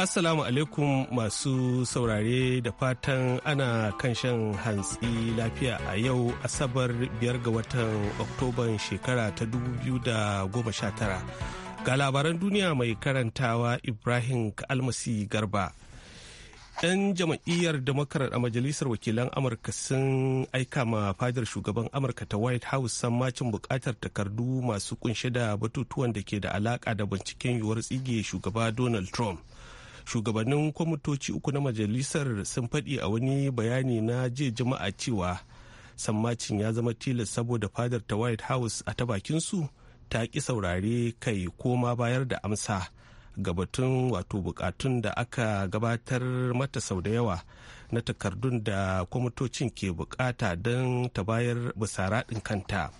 Assalamu alaikum masu saurare da fatan ana kan shan hantsi lafiya a yau Asabar biyar ga watan Oktoban shekara ta 2019. Ga labaran duniya mai karantawa Ibrahim Almasi Garba. 'Yan jama'iyyar Democrat a Majalisar Wakilan Amurka sun aika ma fadar shugaban Amurka ta White House macin bukatar takardu masu kunshe da batutuwan da ke da alaka da binciken yiwuwar tsige shugaba Donald Trump. shugabannin kwamitoci uku na majalisar sun faɗi a wani bayani na jiya jama'a cewa sammacin ya zama tilas saboda fadar ta white house a ta bakinsu ta ƙi saurare kai koma bayar da amsa ga batun wato bukatun da aka gabatar mata sau da yawa na takardun da kwamitocin ke bukata don ta bayar bisa raɗin kanta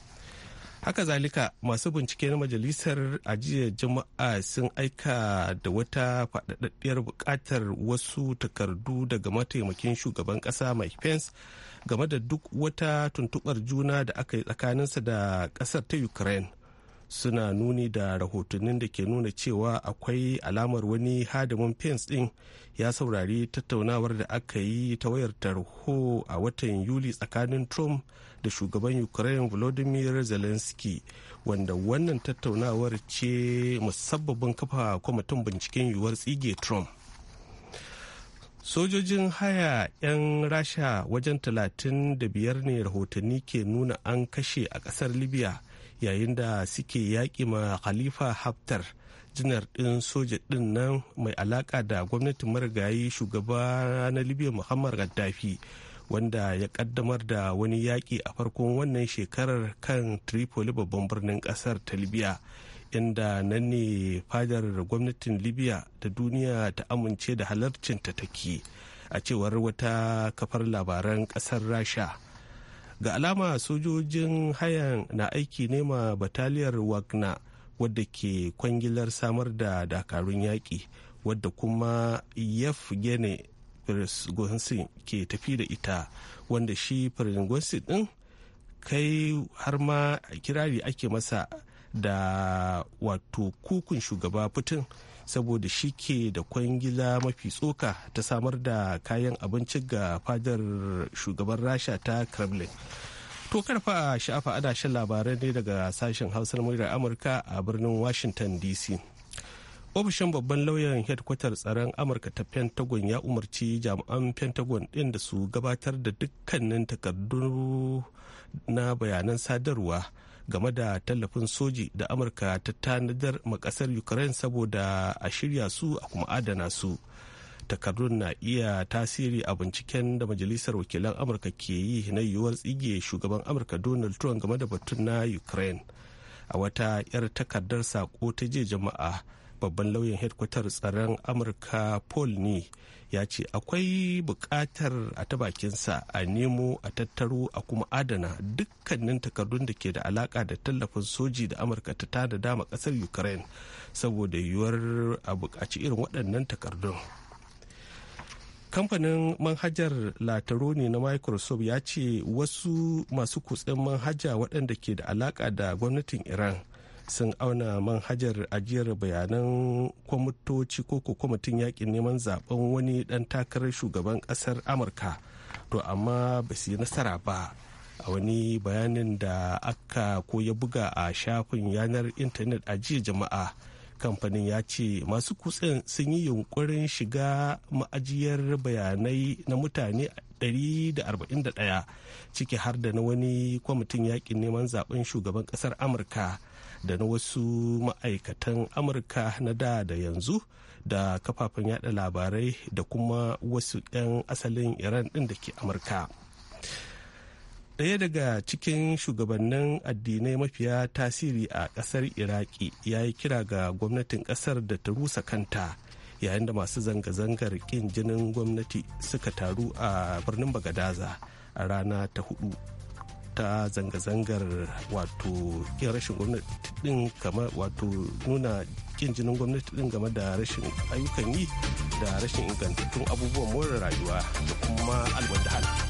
haka zalika masu bincike na majalisar ajiyar jama'a sun aika da wata faɗaɗɗiyar buƙatar wasu takardu daga mataimakin shugaban ƙasa mai pence game da duk wata tuntuɓar juna da aka yi tsakaninsa da ƙasar ta ukraine suna nuni da rahotannin da ke nuna cewa akwai alamar wani hadimin pence din ya saurari tattaunawar da aka yi ta wayar tarho a watan yuli tsakanin trump da shugaban ukraine volodymyr zelensky wanda wannan tattaunawar ce musabbabin kafa kwamitin binciken yiwuwar tsige trump sojojin haya 'yan rasha wajen 35 ne rahotanni ke nuna an kashe a kasar libya yayin da suke yaƙi ma khalifa haftar jinar ɗin soja ɗin nan mai alaƙa da gwamnatin marigayi shugaba na libya muhammad gaddafi wanda ya ƙaddamar da wani yaƙi a farkon wannan shekarar kan tripoli babban birnin ƙasar ta libya inda nan ne fadar gwamnatin libya da duniya ta amince da ta take a cewar wata kafar labaran ƙasar rasha ga alama sojojin hayan na aiki nema bataliyar wagner wadda ke kwangilar samar da dakarun yaƙi wadda kuma yef gene ke tafi da ita wanda shi Prince din kai har ma kirari ake masa da wato kukun shugaba Putin saboda shi ke da kwangila mafi tsoka ta samar da kayan abinci ga fadar shugaban rasha ta kremlin to karfa sha'afa adashin labarai ne daga sashen hausar muryar amurka a birnin washington dc ofishin babban lauyan hedkwatar tsaron amurka ta pentagon ya umarci jami'an pentagon ɗin da su gabatar da dukkanin takardu na bayanan sadarwa game da tallafin soji da amurka ta tanadar makasar ukraine saboda a shirya su a kuma adana su takardun na iya tasiri a binciken da majalisar wakilan amurka ke yi na yiwuwar tsige shugaban amurka donald trump game da batun na ukraine a wata 'yar takardar sako ta je jama'a babban lauyan hedkwatar tsaron amurka paul ne ya ce akwai buƙatar a ta bakinsa a nemo a tattaro a kuma adana dukkanin takardun da ke da alaƙa da tallafin soji da amurka ta tada dama ƙasar ukraine saboda yiwuwar a buƙaci irin waɗannan takardun kamfanin manhajar lataroni na microsoft ya ce wasu masu kutsen manhaja waɗanda ke da alaƙa da gwamnatin iran sun auna manhajar ajiyar bayanan kwamitoci ko kwamitin yakin neman zaben wani dan takarar shugaban kasar amurka to amma ba su yi nasara ba a wani bayanin da aka ko ya buga a shafin yanar intanet a jiya jama'a kamfanin ya ce masu kutsen sun yi yunkurin shiga ma'ajiyar bayanai na mutane 141 ciki har da na wani kwamitin yakin neman zaben shugaban kasar amurka da na wasu ma'aikatan amurka na da da yanzu da kafafen yada labarai da kuma wasu 'yan asalin iran din da ke amurka ɗaya daga cikin shugabannin addinai mafiya tasiri a ƙasar iraki ya yi kira ga gwamnatin ƙasar da ta rusa kanta yayin da masu zanga-zangar ƙin jinin gwamnati suka taru a birnin bagadaza a rana ta hudu ta zanga-zangar wato kin rashin gwamnati din kamar wato nuna kin jinin gwamnati din game da rashin ayyukan yi da rashin ingantattun abubuwan more rayuwa da kuma alwanda hannu.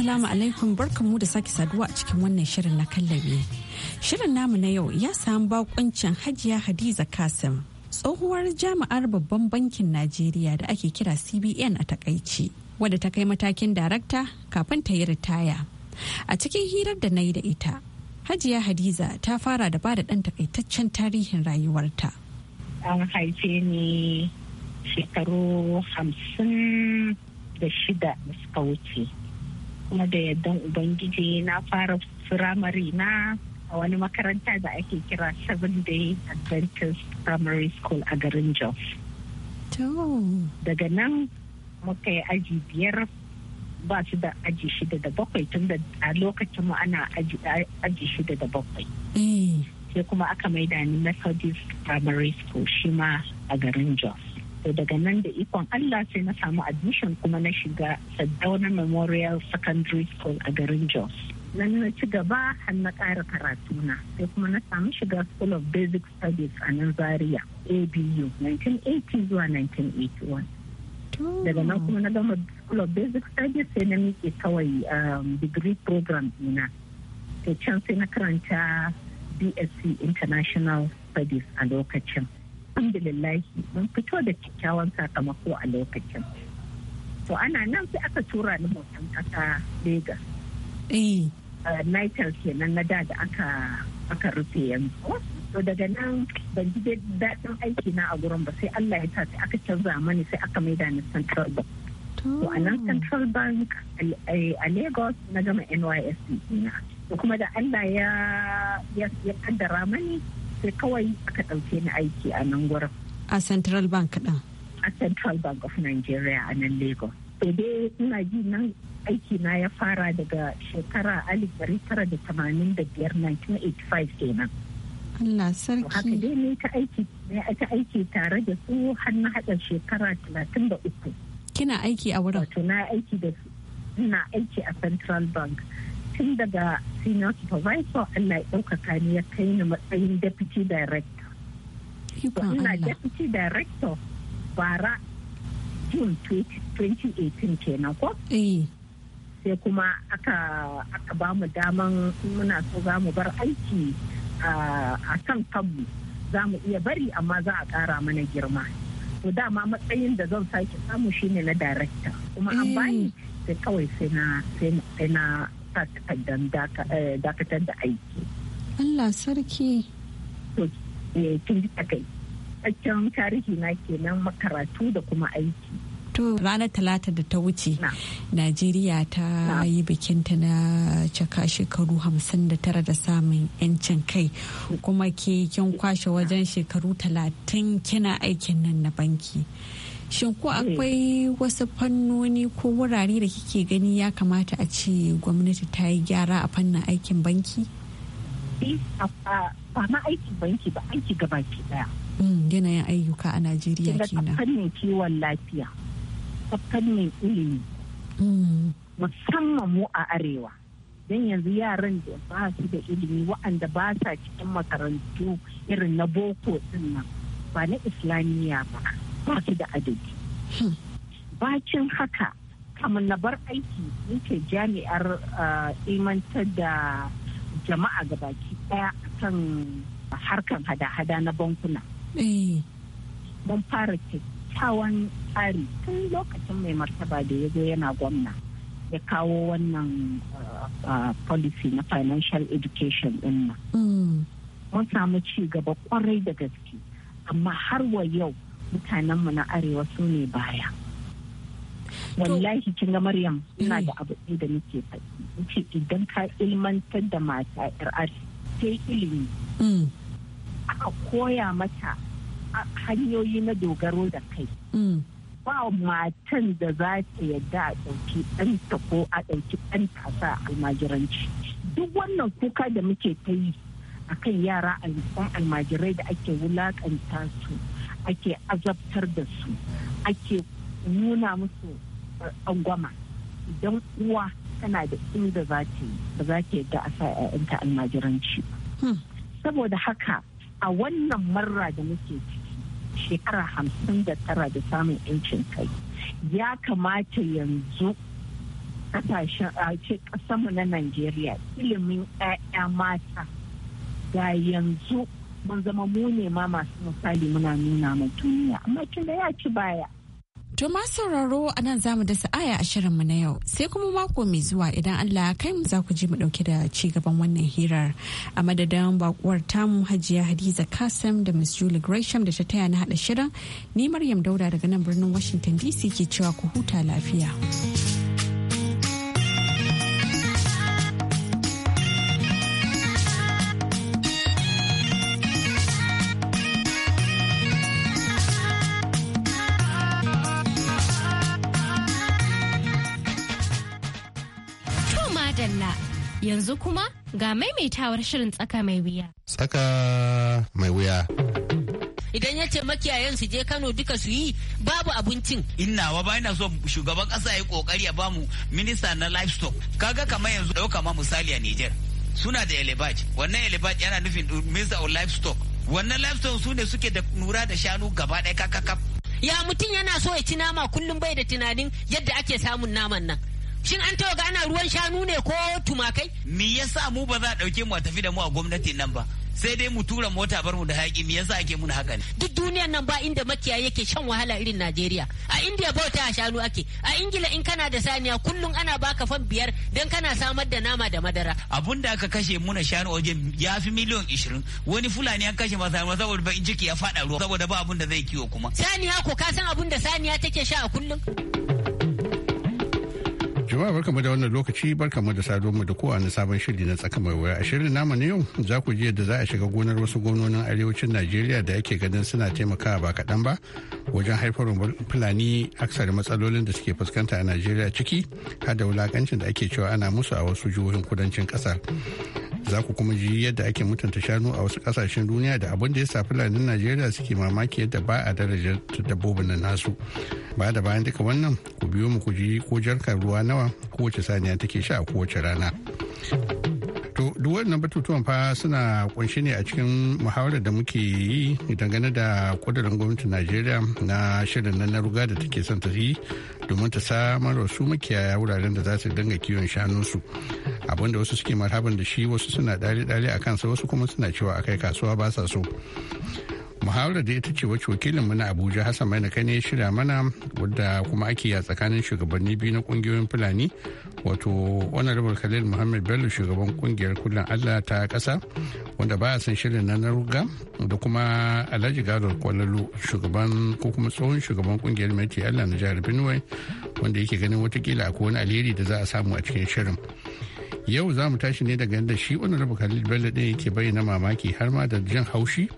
Assalamu alaikum barkanmu da sake saduwa a cikin wannan shirin na kallabi. Shirin namu na yau ya samu bakuncin Hajiya Hadiza Kasim, tsohuwar jami'ar babban bankin Najeriya da ake kira CBN a takaici, wadda ta kai matakin darakta kafin ta yi ritaya. A cikin hirar da na yi da ita, Hajiya Hadiza ta fara da ba da ɗan takaitaccen tarihin rayuwarta. An haife ni shekaru hamsin da shida da suka wuce. kuma da yardan ubangiji na fara firamare na a wani makaranta da ake kira seven day adventist primary school a garin jos daga nan muka yi aji biyar ba su da aji shida da bakwai tun da a lokacin mu ana aji shida da bakwai eh. sai kuma aka maida ni methodist primary school shi ma a garin jos to daga nan da ikon allah sai na samu admission kuma na shiga saddauna memorial secondary school a garin jos nan na ci gaba har na ƙara karatuna sai kuma na samu shiga school of basic studies a nan zaria abu 1980 zuwa 1981 daga nan kuma na gama school of basic studies sai na miƙe kawai um, degree program ina Sai can sai na karanta bsc international studies a lokacin alhamdulillahi mun fito da kyakkyawan sakamako a lokacin to ana nan sai aka tura ni motan kasa Legas. Eh. nitel kenan na da da aka aka rufe yanzu to daga nan ban ji daɗin aiki na a gurin ba sai Allah ya sa sai aka canza mani sai aka maida ni central bank to a nan central bank a lagos na gama nysc na to kuma da Allah ya ya kaddara mani sai kawai aka ɗauke ni aiki a nan gurin. A Central Bank ɗin? A Central Bank of Nigeria a nan Lagos. To dai ina ji nan aiki na ya fara daga shekara alif dari tara da tamanin da biyar 1985 kenan. Allah sarki. Haka dai ne ta aiki ta aiki tare da su har na haɗa shekara talatin da uku. Kina aiki a wurin? Wato na aiki da su. Ina aiki a Central Bank. tun daga senior supervisor Allah ya ɗaukaka ni ya kai ni matsayin deputy director. Ina deputy director bara June 2018 kenan ko? Eh. Sai kuma aka ba mu daman muna so za mu bar aiki a kan kanmu za mu iya bari amma za a ƙara mana girma. To dama matsayin da zan sake samu shine na director kuma an eh. bani sai kawai sai na sa takardar eh, dakatar da aiki. Allah sarki. To, eh, ji takai. tarihi na kenan makaratu da kuma aiki. To ranar talata da ta wuce, Najeriya ta yi bikinta na cika shekaru hamsin da tara da samun 'yancin kai kuma ke kin kwashe wajen shekaru talatin kina aikin nan na banki. shin ko hmm. akwai wasu fannoni ko wurare da kike gani ya kamata a ce gwamnati ta yi gyara a fannin aikin banki eh, ba ma aikin banki ba aiki gaba ke daya hmm, yanayin ayyuka a najeriya kenan fannin kiwon lafiya fannin ilimi hmm. musamman mu a arewa don yanzu yaran da ba su da ilimi wa'anda ba sa cikin makarantu irin na boko din nan ba na islamiyya ba ba su da adadi hmm. bacin haka kamar na bar aiki nake jami'ar eh, imantar da jama'a ga baki daya kan harkan hada-hada na bankuna eh. mun fara kyakkyawan tsari tun lokacin mai martaba da ya zo yana gwamna ya kawo wannan eh, policy na financial education din hmm. mun samu ci gaba kwarai da gaske amma har wa yau mutanenmu na arewa su ne baya wallahi kinga maryam ina mm. da abu da nake faɗi idan ka ilmantar da mata yar sai ilimi mm. aka koya mata hanyoyi na dogaro da kai mm. ba matan da za ta yadda a ɗauki ɗanta ko a ɗauki ɗan sa almajiranci duk wannan kuka da muke ta yi akan yara almajirai da ake wulaƙanta su ake azabtar da su ake nuna musu uh, angwama idan uwa tana da inda za ta yi ba za ta yadda a sa 'ya'yanta almajiranci ba. Hmm. saboda haka a wannan marra da muke ciki shekara hamsin da tara da samun 'yancin kai ya kamata yanzu kasashen a ce kasanmu na Najeriya ilimin 'ya'ya mata ga yanzu mun zama mu ne ma masu misali muna nuna ma duniya amma kin ya ci baya To ma sauraro a nan za mu da sa'aya a mu na yau sai kuma mako mai zuwa idan Allah ya kai mu za ku ji mu dauke da ci gaban wannan hirar a madadin bakuwar tamu hajiya Hadiza Kasim da Miss Julie Gresham da ta taya na hada shirin ni Maryam Dauda daga nan birnin Washington DC ke cewa ku huta lafiya. yanzu kuma ga maimaitawar shirin tsaka mai wuya. Tsaka mai wuya. idan ya ce makiyayan su je Kano duka su yi babu abincin. wa ba ina so shugaban kasa ya kokari ya bamu minista na livestock. Kaga kamar yanzu dauka ma misali a nijar Suna da elebaj. Wannan elebaj yana nufin minista of livestock. Wannan livestock su ne suke da nura da shanu gaba ɗaya kakakaf. Ya mutum yana so ya ci nama kullum bai da tunanin yadda ake samun naman nan. Shin an taɓa ana ruwan shanu ne ko tumakai? Me yasa mu ba za a ɗauke mu a tafi da mu a gwamnatin nan ba? sai dai mu tura mota bar mu da haƙi me yasa ake muna haka ne duk duniyar nan ba inda makiya yake shan wahala irin Najeriya a India bauta a shanu ake a Ingila in kana da saniya kullum ana baka fan biyar don kana samar da nama da madara abun da aka kashe muna shanu wajen ya fi miliyan ishirin. wani fulani an kashe masa ma saboda ba in ciki ya fada ruwa saboda ba abun da zai kiwo kuma saniya ko ka san abun da saniya take sha a kullum Jama'a barkamu da wannan lokaci barkamu da sado mu da kowa na sabon shiri na tsaka mai wuya. A shirin namu na yau za ku ji yadda za a shiga gonar wasu gononin arewacin Najeriya da ake ganin suna taimakawa ba kaɗan ba wajen haifar Fulani aksar matsalolin da suke fuskanta a Najeriya ciki har da wulakancin da ake cewa ana musu a wasu jihohin kudancin ƙasar. za ku kuma ji yadda ake mutunta shanu a wasu kasashen duniya da abin da ya sa fulanin najeriya suke mamaki yadda ba a darajar dabbobin na nasu ba da bayan duka wannan ku biyo mu ku ji ko jarkar ruwa nawa kowace saniya take sha a kowace rana To duk wannan batutuwan fa suna kunshi ne a cikin muhawarar da muke yi dangane da kudurin gwamnatin Najeriya na shirin nan na ruga da take son ta yi domin ta samar da su makiyaya wuraren da za su dinga kiwon shanunsu. Abinda wasu suke marhaban da shi wasu suna dare-dare a kansa wasu kuma suna cewa akai kasuwa ba sa so. muhawarar da ita ce wacce wakilin mu na abuja hassan mai kai ne shirya mana wadda kuma ake a tsakanin shugabanni biyu na kungiyoyin fulani wato rabar khalil muhammad bello shugaban kungiyar kullum allah ta kasa wanda baya son shirin na naruga da kuma alhaji gadar kwalalo shugaban ko kuma tsohon shugaban kungiyar mai allah na jihar benue wanda yake ganin watakila akwai wani alheri da za a samu a cikin shirin yau za mu tashi ne daga yadda shi honorable khalil bello ɗin yake bayyana mamaki har ma da jan haushi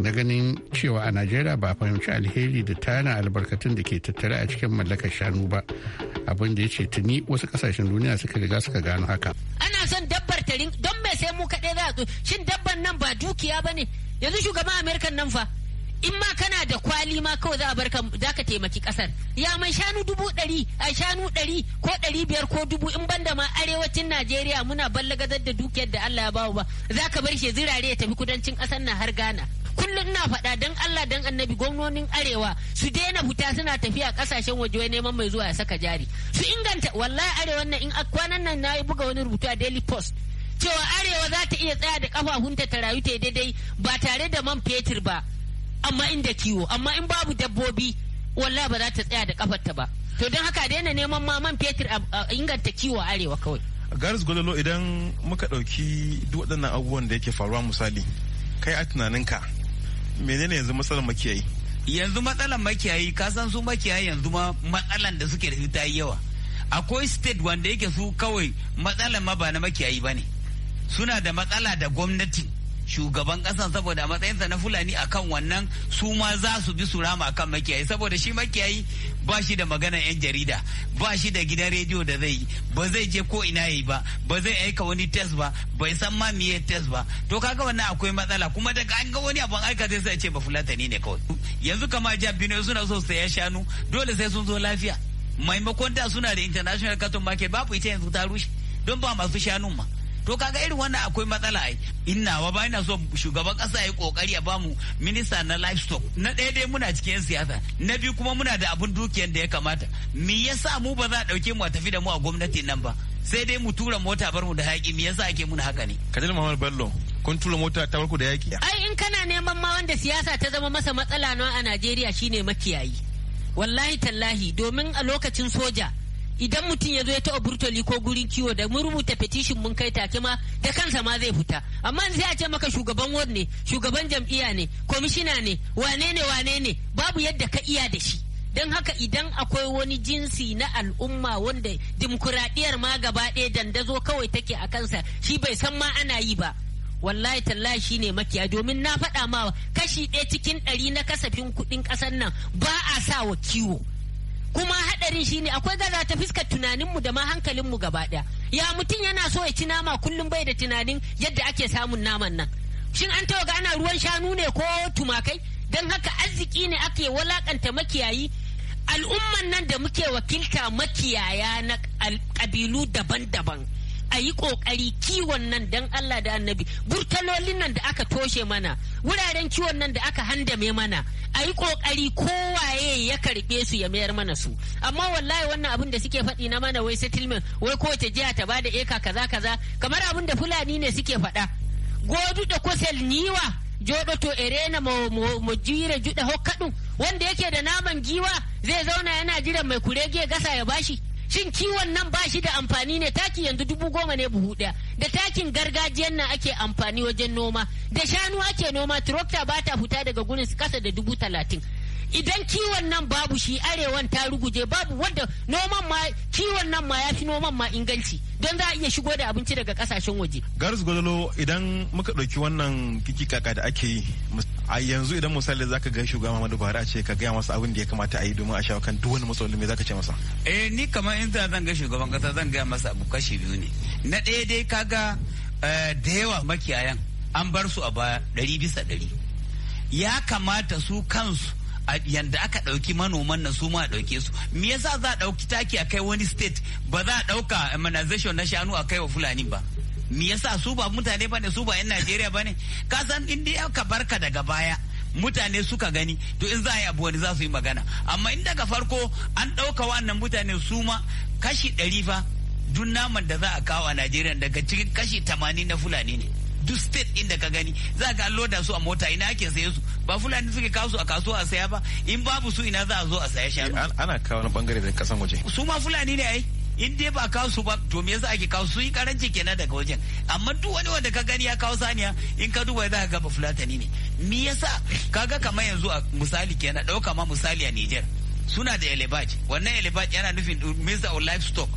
na ganin cewa a najeriya ba fahimci alheri da tana albarkatun da ke tattare a cikin mallakar shanu ba abin da ya ce tuni wasu kasashen duniya suka riga suka gano haka ana son dabbar tarin don me sai mu kaɗai za a shin dabban nan ba dukiya ba ne yanzu shugaban amerikan nan fa in ma kana da kwali ma kawai za a barka za ka taimaki kasar ya mai shanu dubu ɗari a shanu ɗari ko ɗari biyar ko dubu in banda ma arewacin najeriya muna ballagazar da dukiyar da allah ya bawo ba za ka bar shi zirare ya tafi kudancin kasar na har ghana kullum na faɗa dan Allah dan annabi gwamnonin arewa su daina fita suna tafiya kasashen waje neman mai zuwa ya saka jari su inganta wallahi arewan nan in kwanan nan na buga wani rubutu a daily post cewa arewa za ta iya tsaya da kafafunta ta rayu ta daidai ba tare da man fetur ba amma in da kiwo amma in babu dabbobi walla ba za ta tsaya da kafarta ba to don haka daina neman maman fetur a inganta kiwo arewa kawai garis gololo idan muka ɗauki duk waɗannan abubuwan da yake faruwa misali kai a tunaninka menene yanzu matsalar makiyayi yanzu matsalar makiyayi ka san su makiyayi yanzu ma matsalar da suke da su ta yi yawa akwai state wanda yake su kawai matsalar ma ba na makiyayi bane. suna da matsala da gwamnati shugaban kasa saboda a matsayinsa na fulani akan wannan su ma za su bi su rama akan makiyayi saboda shi makiyayi ba shi da magana yan jarida ba shi da gidan rediyo da zai yi ba zai je ko ina yi ba ba zai aika wani test ba bai san ma ya test ba to kaga wannan akwai matsala kuma daga an ga wani abun aika zai sai ce ba fulatani ne kawai yanzu kama jihar Benue suna so ya shanu dole sai sun zo lafiya maimakon da suna da international cotton market babu ita yanzu ta rushe don ba masu shanun ma to kaga irin wannan akwai matsala ai innawa ba ina so shugaban kasa ya kokari ya bamu minista na livestock na ɗaya dai muna cikin siyasa na biyu kuma muna da abun dukiyar da ya kamata me yasa mu ba za a dauke mu a tafi da mu a gwamnati nan ba sai dai mu tura mota bar mu da haƙi me yasa ake muna haka ne kadil muhammad bello kun tura mota ta barku da yaƙi ai in kana neman ma wanda siyasa ta zama masa matsala nawa a najeriya shine makiyayi wallahi tallahi domin a lokacin soja idan mutum ya zo ya taɓa burtoli ko gurin kiwo da mun rubuta petition mun kai take ma da kansa ma zai fita amma sai a ce maka shugaban ward ne shugaban jam'iyya ne kwamishina ne wane ne wane ne babu yadda ka iya da shi don haka idan akwai wani jinsi na al'umma wanda dimkuraɗiyar ma gaba ɗaya dandazo kawai take a kansa shi bai san ma ana yi ba wallahi tallahi ne makiya domin na faɗa ma kashi ɗaya cikin ɗari na kasafin kuɗin ƙasar nan ba a sa wa kiwo kuma hadarin shine akwai gaza ta fiska tunaninmu da ma hankalinmu gaba daya ya mutum yana so ya ci nama kullum bai da tunanin yadda ake samun naman nan shin an tawaga ana ruwan shanu ne ko tumakai don haka arziki ne ake walakanta makiyayi al'umman nan da muke wakilta makiyaya na kabilu daban-daban a yi kokari kiwon nan dan Allah da annabi burtalolin nan da aka toshe mana wuraren kiwon nan da aka handame mana a yi kokari kowaye ya karɓe su ya mayar mana su amma wallahi wannan abin da suke faɗi na mana wai settlement wai kowace jiya ta bada eka kaza kaza kamar abin da fulani ne suke faɗa godu da kusel niwa to erena mo, mo, mo jira juɗa hokkadun wanda yake da naman giwa zai zauna yana jiran mai kurege gasa ya bashi shin kiwon nan ba shi da amfani ne taki yanzu dubu goma ne buhu ɗaya da takin gargajiyan nan ake amfani wajen noma da shanu ake noma tractor ba ta fita daga gurin kasa da dubu talatin idan kiwon nan babu shi arewan ta ruguje babu wanda noman ma kiwon nan ma ya fi noman ma inganci don za a iya shigo da abinci daga kasashen waje. Garis Godolo idan muka ɗauki wannan kikikaka da ake yi a yanzu idan misali zaka ga shugaba Muhammadu Buhari a ce ka gaya masa abin da ya kamata a yi domin a shawo kan duk wani matsaloli me zaka ce masa eh ni kamar in zan ga shugaban kasa zan gaya masa abu kashi biyu ne na ɗaya dai kaga eh, da yawa makiyayan an bar su a baya ɗari bisa ɗari ya kamata su kansu yanda aka ɗauki manoman na su ma a ɗauke su me yasa za a ɗauki taki a kai wani state ba za a ɗauka immunization na shanu a kai wa fulani ba me yasa su ba mutane bane su ba yan Najeriya bane ka san in dai barka daga baya mutane suka gani to in za a yi abu wani za su yi magana amma in daga farko an ɗauka wannan mutane su ma kashi ɗari fa duk naman da za a kawo a Najeriya daga cikin kashi tamanin na Fulani ne duk state in da ka gani za ka loda su a mota ina ake saye su ba fulani suke kawo su a kasuwa a saya ba in babu su ina za a zo a saya shanu eh, ana kawo na bangare da kasan waje su ma fulani ne ai in dai ba kawo su ba to me yasa ake kawo su yi karanci kenan daga wajen amma duk wani wanda ka gani ya kawo saniya in ka duba za ka ga ba fulatani ne me yasa ga kamar yanzu a misali kenan dauka ma misali a Niger suna da elebaj wannan elebaj yana nufin uh, minister of livestock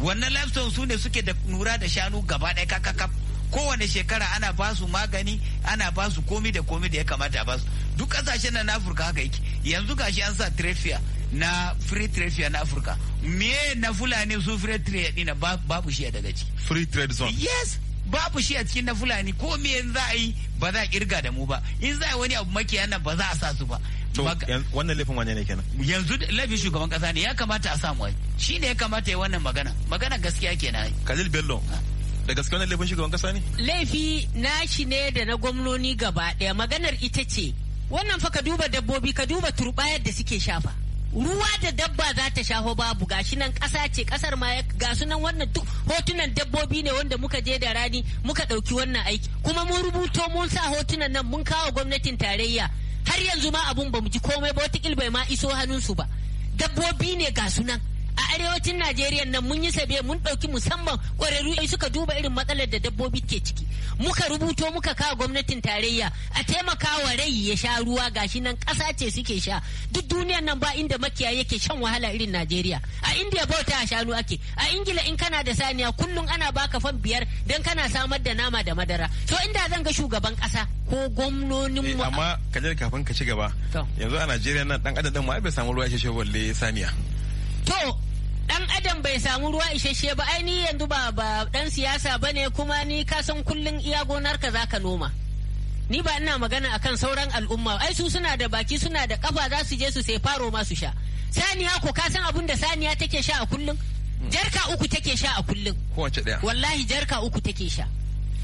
wannan livestock su ne suke da nura da shanu gaba ɗaya kakakaf kowane shekara ana ba su magani ana ba su komi da komi da ya kamata a ba su duk kasashen nan na afirka haka yake yanzu gashi an sa trade fair. na free trade fiya na afirka me na fulani su free trade dina babu shi daga ciki free trade zone yes babu shi a cikin na fulani ko me yanzu za a yi ba za a kirga da mu ba in za a wani abu makiya nan ba za a sa su ba wannan laifin wani ne kenan yanzu laifin shugaban kasa ne ya kamata a samu wai shi ne ya kamata ya wannan magana magana gaskiya kenan Khalil Bello ah. da gaske wannan laifin shugaban kasa ne laifi nashi ne da na gwamnoni gaba daya maganar ita ce wannan fa ka duba dabbobi ka duba turbayar da suke shafa ruwa da dabba za ta shaho babu gashi nan ƙasa ce ƙasar ma ga sunan wannan duk hotunan dabbobi ne wanda muka je da rani muka ɗauki wannan aiki kuma mun rubuto mun sa hotunan nan mun kawo gwamnatin tarayya har yanzu ma abun ba mu ji komai ba wata bai ma iso hannunsu ba dabbobi ne ga sunan a arewacin najeriya nan mun yi sabe mun ɗauki musamman ƙwararru suka duba irin matsalar da dabbobi ke ciki muka rubuto muka kawo gwamnatin tarayya a taimaka wa rai ya sha ruwa gashi nan ƙasa ce suke sha duk duniyar nan ba inda makiya yake shan wahala irin najeriya a indiya bauta a shanu ake a ingila in kana da saniya kullum ana baka fan biyar don kana samar da nama da madara to inda zan ga shugaban ƙasa ko gwamnonin mu eh, amma kaje kafin ka ci gaba yanzu a najeriya nan dan adadin mu ai bai samu ruwa ya ce balle saniya to dan adam bai samu ruwa isasshe ba ai ni yanzu ba ba dan siyasa ba ne kuma ni ka san kullun iya gonar ka zaka noma ni ba ina magana akan sauran al'umma ai su suna da baki suna da kafa za su je su sai faro ma su sha saniya ko ka san abun da saniya take sha a kullun jarka uku take sha a kullun daya wallahi jarka uku take sha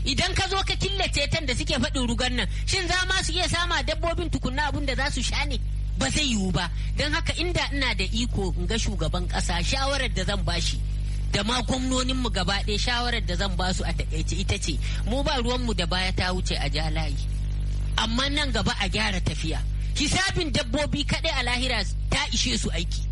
idan ka zo ka killace tan da suke faɗin rugan nan shin za ma su iya sama dabbobin tukunna abun da za su sha ne ba zai yiwu ba don haka inda ina da iko in ga shugaban kasa shawarar da zan bashi da ma gwamnoninmu gaba ɗaya shawarar da zan basu a takaice ita ce mu ba ruwanmu da baya ta wuce a ja layi amma nan gaba a gyara tafiya hisabin dabbobi kaɗai a lahira ta ishe su aiki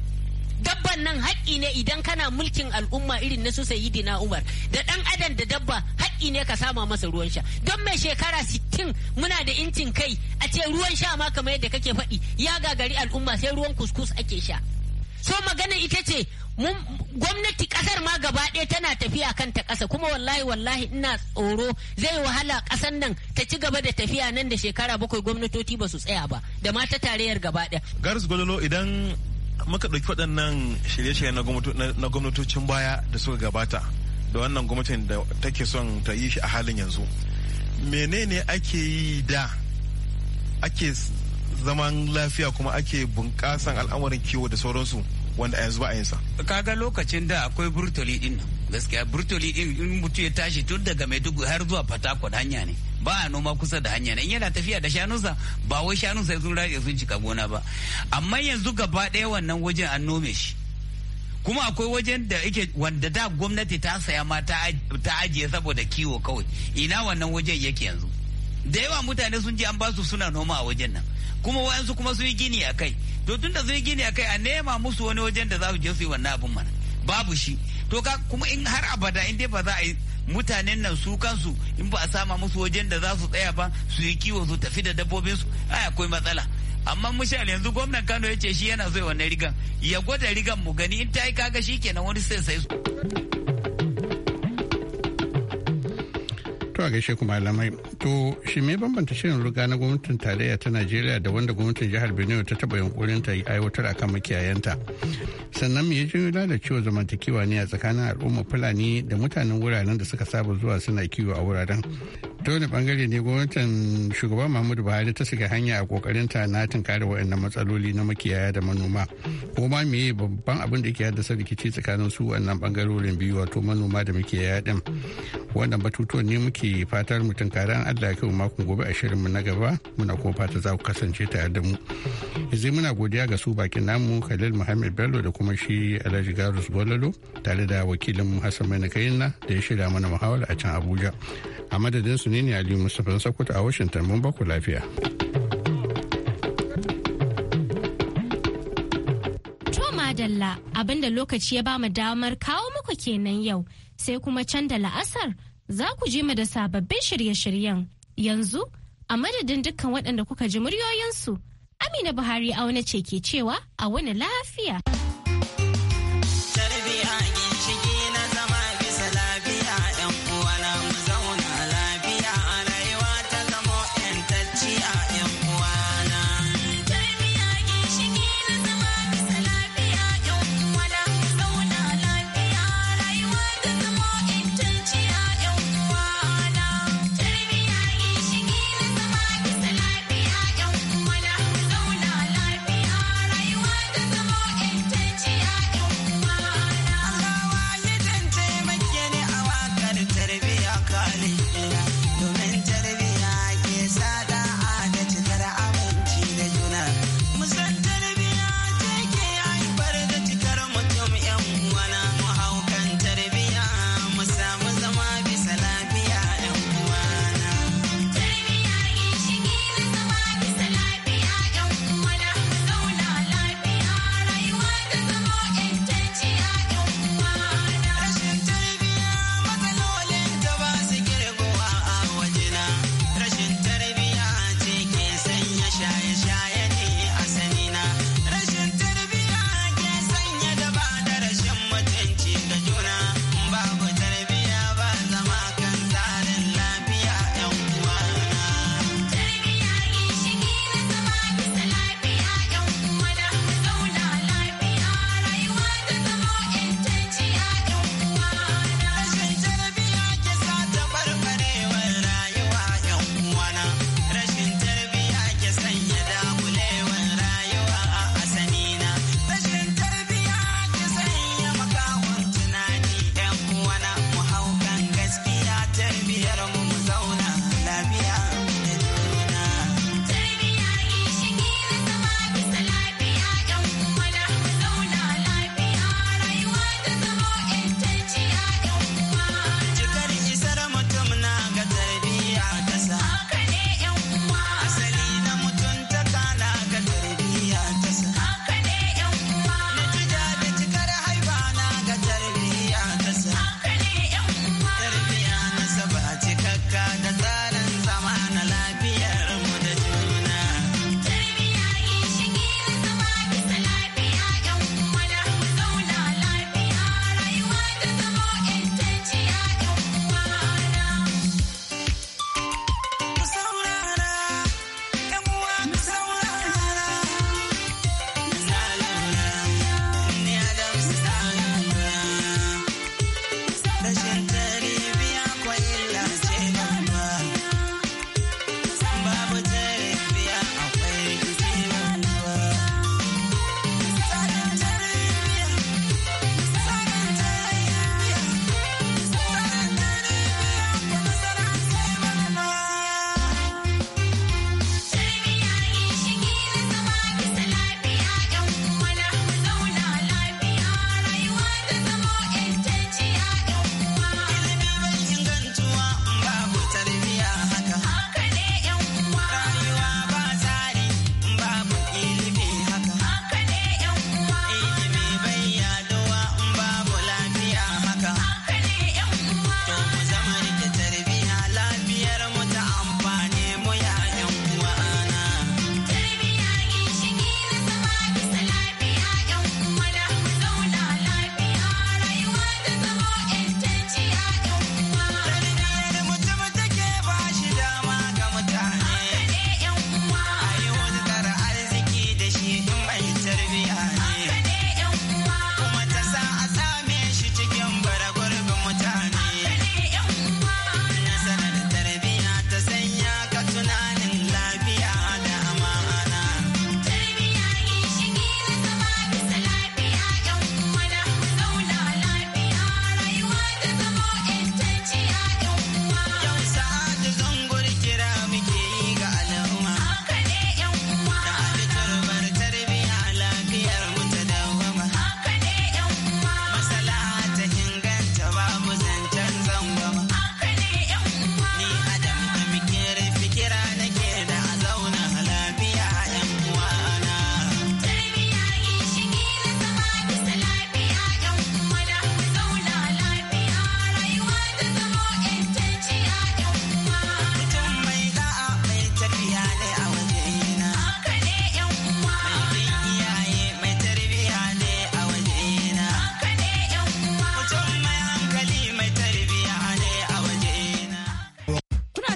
dabban nan haƙƙi ne idan kana mulkin al'umma irin na su na umar da ɗan adam da dabba haƙƙi ne ka sama masa ruwan sha don mai shekara sittin muna da incin kai a ce ruwan sha ma kamar yadda kake faɗi ya gagari al'umma sai ruwan kuskus ake sha so magana ita ce gwamnati kasar ma gaba ɗaya tana tafiya kan ta ƙasa kuma wallahi wallahi ina tsoro zai wahala ƙasar nan ta ci gaba da tafiya nan da shekara bakwai gwamnatoci ba su tsaya ba da ma ta tarayyar gaba ɗaya. Garis Gololo idan muka ɗauki waɗannan shirye-shirye na gwamnatocin baya da suka gabata da wannan gwamnatin da take son ta yi shi a halin yanzu menene ake yi da ake zaman lafiya kuma ake bunƙasan al'amarin kiwo da sauransu wanda a yanzu ba a yinsa kaga lokacin da akwai burtali din gaskiya burtoli din in mutu ya tashi tun daga maiduguri har zuwa fatakwal hanya ne ba a noma kusa da hanya ne in yana tafiya da shanunsa ba wai shanunsa sun rage sun cika gona ba amma yanzu gaba ɗaya wannan wajen an nome shi kuma akwai wajen da yake wanda da gwamnati ta saya ma ta ajiye saboda kiwo kawai ina wannan wajen yake yanzu da yawa mutane sun je an basu suna noma a wajen nan kuma wayansu kuma sun yi gini a kai to tun da sun yi gini a kai a nema musu wani wajen da za su je su yi wannan abin mana babu shi to ka kuma in har abada in dai ba za a yi mutanen nan su kansu in ba a sama musu wajen da za su tsaya ba su yi kiwo su tafi da dabbobin su ai akwai matsala amma mishal yanzu gwamnan Kano ya ce shi yana so wannan rigan ya gwada rigan mu gani in ta yi kaga shi kenan wani sai sai su To a gaishe kuma malamai. To shi me bambanta shirin ruga na gwamnatin tarayya ta Najeriya da wanda gwamnatin jihar Benue ta taba yunkurin ta aiwatar a kan makiyayanta. Sannan me ya janyo lalacewa zamantakewa ne a tsakanin al'umma Fulani da mutanen wuraren da suka saba zuwa suna kiwo a wuraren. ta wani bangare ne gwamnatin shugaban mahmudu buhari ta shiga hanya a kokarin ta na tunkare waɗannan matsaloli na makiyaya da manoma ko ma me babban abin da ke haddasa rikici tsakanin su wannan bangarorin biyu wato manoma da makiyaya din wannan batutuwan ne muke fatar mu tunkare an allah kai makon gobe a shirin mu na gaba muna ko fata za ku kasance tare da mu yanzu muna godiya ga su bakin namu khalil muhammad bello da kuma shi alhaji garus bololo tare da wakilin hassan mai na da ya shirya mana muhawar a can abuja a madadin su ne ni ne aliyu mustapha Sokoto a washington mun baku lafiya madalla abinda lokaci ya bamu damar kawo muku kenan yau sai kuma can da la'asar za ku je mu da sababbin shirye-shiryen yanzu a madadin dukkan waɗanda kuka ji muryoyinsu amina buhari auna ce ke cewa a wani lafiya.